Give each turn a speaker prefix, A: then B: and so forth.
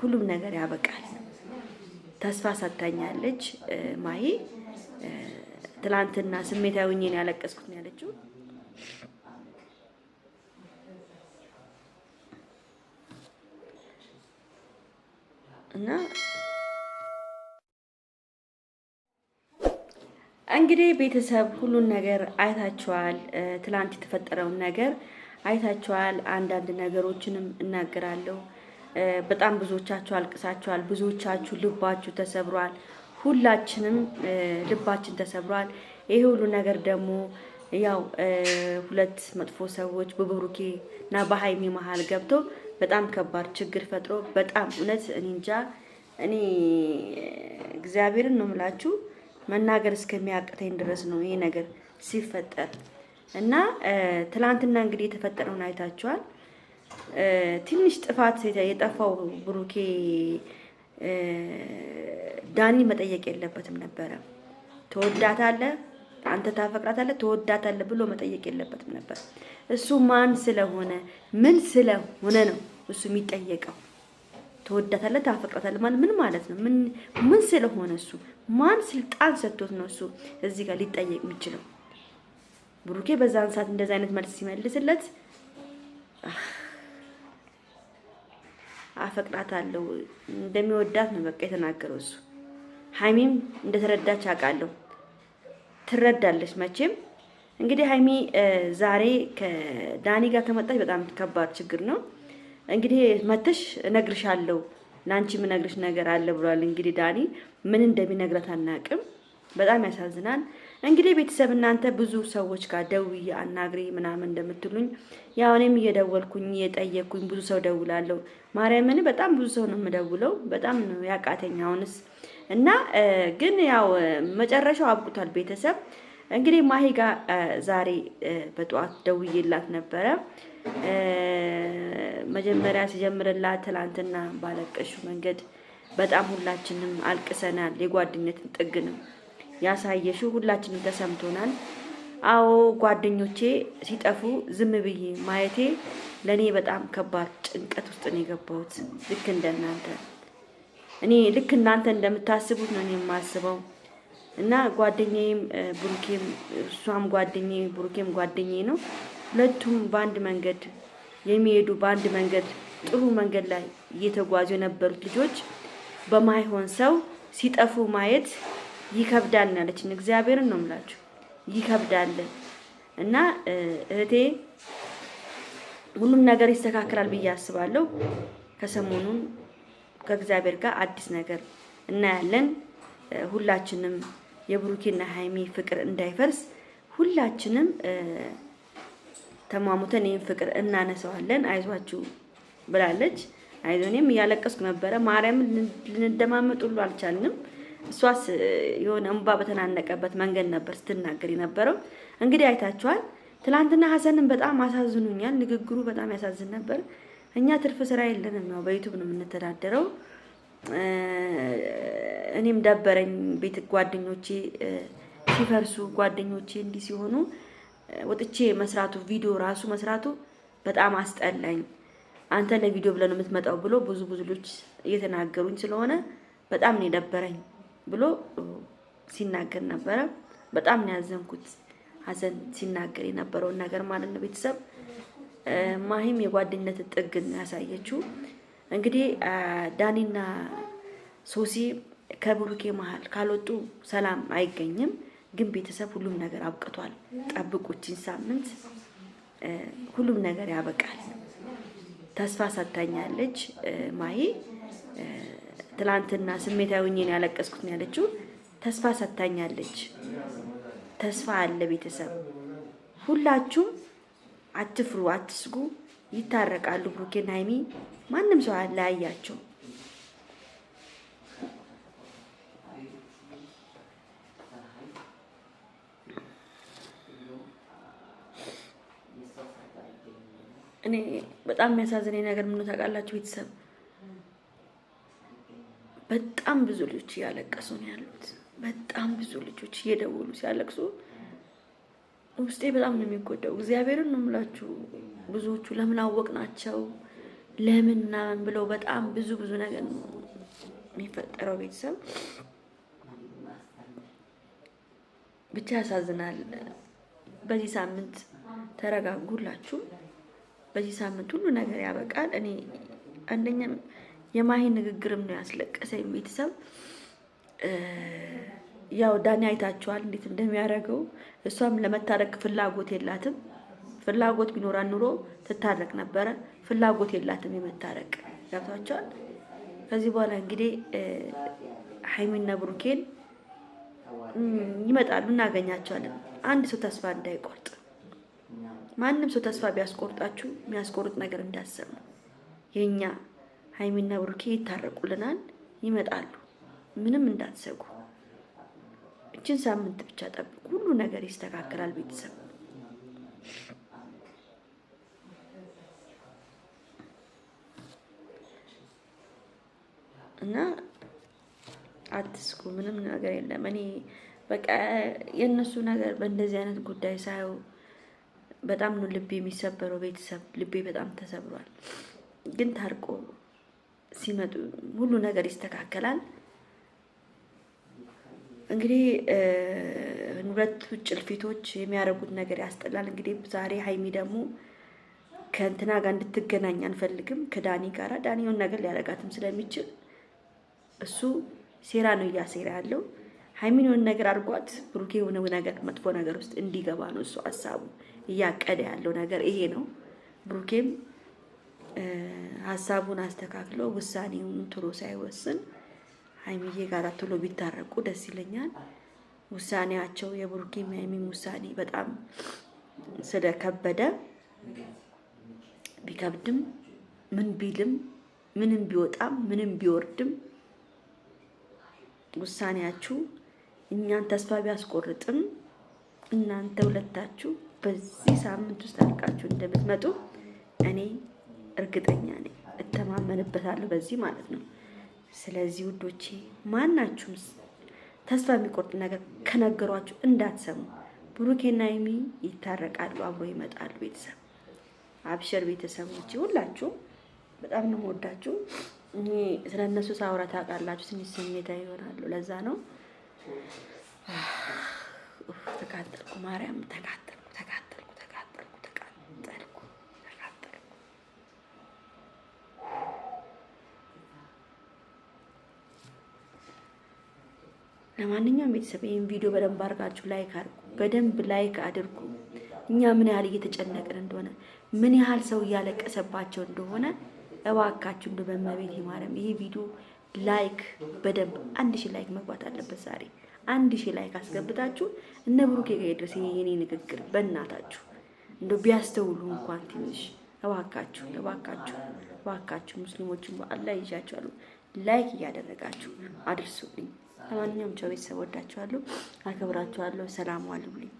A: ሁሉም ነገር ያበቃል። ተስፋ ሰጥታኛለች ማሂ። ትላንትና ስሜታዊ ሆኜ ነው ያለቀስኩት ያለችው። እና እንግዲህ ቤተሰብ ሁሉን ነገር አይታችኋል። ትላንት የተፈጠረውን ነገር አይታችኋል። አንዳንድ ነገሮችንም እናገራለሁ በጣም ብዙዎቻችሁ አልቅሳችኋል። ብዙዎቻችሁ ልባችሁ ተሰብሯል። ሁላችንም ልባችን ተሰብሯል። ይሄ ሁሉ ነገር ደግሞ ያው ሁለት መጥፎ ሰዎች በብሩኬ እና በሀይሚ መሀል ገብቶ በጣም ከባድ ችግር ፈጥሮ በጣም እውነት እኔ እንጃ እኔ እግዚአብሔርን ነው የምላችሁ መናገር እስከሚያቅተኝ ድረስ ነው ይሄ ነገር ሲፈጠር እና ትናንትና እንግዲህ የተፈጠረውን አይታችኋል። ትንሽ ጥፋት የጠፋው ብሩኬ ዳኒ መጠየቅ የለበትም ነበረ። ትወዳታለህ፣ አንተ ታፈቅራታለ፣ ተወዳታለ ብሎ መጠየቅ የለበትም ነበር። እሱ ማን ስለሆነ ምን ስለሆነ ነው እሱ የሚጠየቀው? ትወዳታለህ፣ ታፈቅራታለ ማለት ምን ማለት ነው? ምን ምን ስለሆነ እሱ ማን ስልጣን ሰጥቶት ነው እሱ እዚህ ጋር ሊጠየቅ የሚችለው? ብሩኬ በዛን ሰዓት እንደዚህ አይነት መልስ ሲመልስለት አፈቅራታለሁ እንደሚወዳት ነው በቃ የተናገረው እሱ። ሀይሚም እንደተረዳች አውቃለሁ። ትረዳለች መቼም እንግዲህ ሀይሚ ዛሬ ከዳኒ ጋር ከመጣች በጣም ከባድ ችግር ነው። እንግዲህ መተሽ እነግርሻለሁ፣ ለአንቺ የምነግርሽ ነገር አለ ብሏል። እንግዲህ ዳኒ ምን እንደሚነግረት አናውቅም። በጣም ያሳዝናል። እንግዲህ ቤተሰብ እናንተ ብዙ ሰዎች ጋር ደውዬ አናግሪ ምናምን እንደምትሉኝ ያው እኔም እየደወልኩኝ እየጠየቅኩኝ ብዙ ሰው ደውላለሁ። ማርያምን በጣም ብዙ ሰው ነው የምደውለው። በጣም ነው ያቃተኝ አሁንስ። እና ግን ያው መጨረሻው አብቁቷል። ቤተሰብ እንግዲህ ማሄ ጋር ዛሬ በጠዋት ደውዬላት ነበረ። መጀመሪያ ሲጀምርላት ትላንትና ባለቀሹ መንገድ በጣም ሁላችንም አልቅሰናል። የጓደኝነትን ጥግ ነው ያሳየሽው ሁላችንም ተሰምቶናል። አዎ ጓደኞቼ ሲጠፉ ዝም ብዬ ማየቴ ለእኔ በጣም ከባድ ጭንቀት ውስጥ ነው የገባሁት። ልክ እንደናንተ እኔ ልክ እናንተ እንደምታስቡት ነው እኔ የማስበው እና ጓደኛዬም ብሩኬም እሷም ጓደኛ ብሩኬም ጓደኛዬ ነው። ሁለቱም በአንድ መንገድ የሚሄዱ በአንድ መንገድ ጥሩ መንገድ ላይ እየተጓዙ የነበሩት ልጆች በማይሆን ሰው ሲጠፉ ማየት ይከብዳል ያለችን እግዚአብሔርን ነው የምላችሁ። ይከብዳል እና እህቴ ሁሉም ነገር ይስተካከላል ብዬ አስባለሁ። ከሰሞኑን ከእግዚአብሔር ጋር አዲስ ነገር እናያለን። ሁላችንም የብሩኬና ሀይሚ ፍቅር እንዳይፈርስ ሁላችንም ተሟሙተን ይህን ፍቅር እናነሰዋለን አይዟችሁ ብላለች። አይዞ እኔም እያለቀስኩ ነበረ። ማርያም ልንደማመጥ ሁሉ አልቻልንም። እሷስ የሆነ እንባ በተናነቀበት መንገድ ነበር ስትናገር የነበረው። እንግዲህ አይታችኋል። ትላንትና ሀሰንን በጣም አሳዝኑኛል። ንግግሩ በጣም ያሳዝን ነበር። እኛ ትርፍ ስራ የለንም፣ ያው በዩቱብ ነው የምንተዳደረው። እኔም ደበረኝ። ቤት ጓደኞቼ ሲፈርሱ፣ ጓደኞቼ እንዲህ ሲሆኑ ወጥቼ መስራቱ ቪዲዮ ራሱ መስራቱ በጣም አስጠላኝ። አንተ ለቪዲዮ ብለህ የምትመጣው ብሎ ብዙ ብዙ ልጆች እየተናገሩኝ ስለሆነ በጣም ነው የደበረኝ። ብሎ ሲናገር ነበረ። በጣም ነው ያዘንኩት። ሀዘን ሲናገር የነበረውን ነገር ማለት ነው። ቤተሰብ ማሂም የጓደኝነት ጥግ ነው ያሳየችው። እንግዲህ ዳኒና ሶሲ ከብሩኬ መሀል ካልወጡ ሰላም አይገኝም። ግን ቤተሰብ ሁሉም ነገር አብቅቷል። ጠብቁችን ሳምንት ሁሉም ነገር ያበቃል። ተስፋ ሰጥታኛለች ማሂ ትላንትና ስሜታዊ ሆኜ ያለቀስኩት ነው ያለችው። ተስፋ ሰጥታኛለች። ተስፋ አለ። ቤተሰብ ሁላችሁም አትፍሩ፣ አትስጉ። ይታረቃሉ። ብሩኬን ሀይሚ ማንም ሰው አለያያቸው። እኔ በጣም የሚያሳዝነኝ ነገር ምኑ ታውቃላችሁ ቤተሰብ በጣም ብዙ ልጆች እያለቀሱ ነው ያሉት። በጣም ብዙ ልጆች እየደወሉ ሲያለቅሱ ውስጤ በጣም ነው የሚጎዳው። እግዚአብሔርን ነው የምላችሁ። ብዙዎቹ ለምን ናቸው? ለምን ምናምን ብለው በጣም ብዙ ብዙ ነገር ነው የሚፈጠረው። ቤተሰብ ብቻ ያሳዝናል። በዚህ ሳምንት ተረጋጉላችሁ። በዚህ ሳምንት ሁሉ ነገር ያበቃል። እኔ አንደኛም የማሂ ንግግርም ነው ያስለቀሰኝ። ቤተሰብ ያው ዳኒ አይታችኋል እንዴት እንደሚያደርገው። እሷም ለመታረቅ ፍላጎት የላትም። ፍላጎት ቢኖራን ኑሮ ትታረቅ ነበረ። ፍላጎት የላትም የመታረቅ ገብቷቸዋል። ከዚህ በኋላ እንግዲህ ሀይሚና ብሩኬን ይመጣሉ፣ እናገኛቸዋለን። አንድ ሰው ተስፋ እንዳይቆርጥ ማንም ሰው ተስፋ ቢያስቆርጣችሁ የሚያስቆርጥ ነገር እንዳሰሙ የኛ ሀይሚና ብሩኬ ይታረቁልናል፣ ይመጣሉ። ምንም እንዳትሰጉ። እችን ሳምንት ብቻ ጠብቁ። ሁሉ ነገር ይስተካከላል። ቤተሰብ እና አትስጉ። ምንም ነገር የለም። እኔ በቃ የእነሱ ነገር በእንደዚህ አይነት ጉዳይ ሳየው በጣም ነው ልቤ የሚሰበረው። ቤተሰብ ልቤ በጣም ተሰብሯል። ግን ታርቆ ሲመጡ ሁሉ ነገር ይስተካከላል። እንግዲህ ሁለቱ ጭልፊቶች የሚያደርጉት ነገር ያስጠላል። እንግዲህ ዛሬ ሀይሚ ደግሞ ከእንትና ጋር እንድትገናኝ አንፈልግም ከዳኒ ጋር ዳኒውን ነገር ሊያደርጋትም ስለሚችል እሱ ሴራ ነው እያሴራ ያለው። ሀይሚን የሆነ ነገር አድርጓት ብሩኬ የሆነ ነገር መጥፎ ነገር ውስጥ እንዲገባ ነው እሱ ሀሳቡ እያቀደ ያለው ነገር ይሄ ነው ብሩኬም ሀሳቡን አስተካክሎ ውሳኔውን ቶሎ ሳይወስን ሀይሚዬ ጋር ቶሎ ቢታረቁ ደስ ይለኛል። ውሳኔያቸው የቡርኪም ሀይሚም ውሳኔ በጣም ስለከበደ ቢከብድም ምን ቢልም ምንም ቢወጣም ምንም ቢወርድም ውሳኔያችሁ እኛን ተስፋ ቢያስቆርጥም እናንተ ሁለታችሁ በዚህ ሳምንት ውስጥ አልቃችሁ እንደምትመጡ እኔ እርግጠኛ ነኝ፣ እተማመንበታለሁ በዚህ ማለት ነው። ስለዚህ ውዶቼ ማናችሁም ተስፋ የሚቆርጥ ነገር ከነገሯችሁ እንዳትሰሙ። ብሩኬና ይሚ ይታረቃሉ፣ አብሮ ይመጣሉ። ቤተሰብ አብሽር ቤተሰቦች፣ ሁላችሁ በጣም ነው የምወዳችሁ። እኔ ስለ እነሱ ሳውራ ታውቃላችሁ፣ ትንሽ ስሜታ ይሆናሉ። ለዛ ነው ተቃጠልኩ፣ ማርያም ተቃጠልኩ። ለማንኛውም ቤተሰብ ይህን ቪዲዮ በደንብ አድርጋችሁ ላይክ አድርጉ። በደንብ ላይክ አድርጉ። እኛ ምን ያህል እየተጨነቅን እንደሆነ ምን ያህል ሰው እያለቀሰባቸው እንደሆነ እባካችሁ እንደ በመቤት ይማረም ይሄ ቪዲዮ ላይክ በደንብ አንድ ሺህ ላይክ መግባት አለበት። ዛሬ አንድ ሺህ ላይክ አስገብታችሁ እነ ብሩኬ ጋር ድረስ የኔ ንግግር በእናታችሁ እንደ ቢያስተውሉ እንኳን ትንሽ እባካችሁ እባካችሁ እባካችሁ ሙስሊሞችን በአላህ ይዣቸዋሉ። ላይክ እያደረጋችሁ አድርሱልኝ። ለማንኛውም ቸው ቤተሰብ ወዳችኋለሁ፣ አክብራችኋለሁ። ሰላም ዋሉልኝ።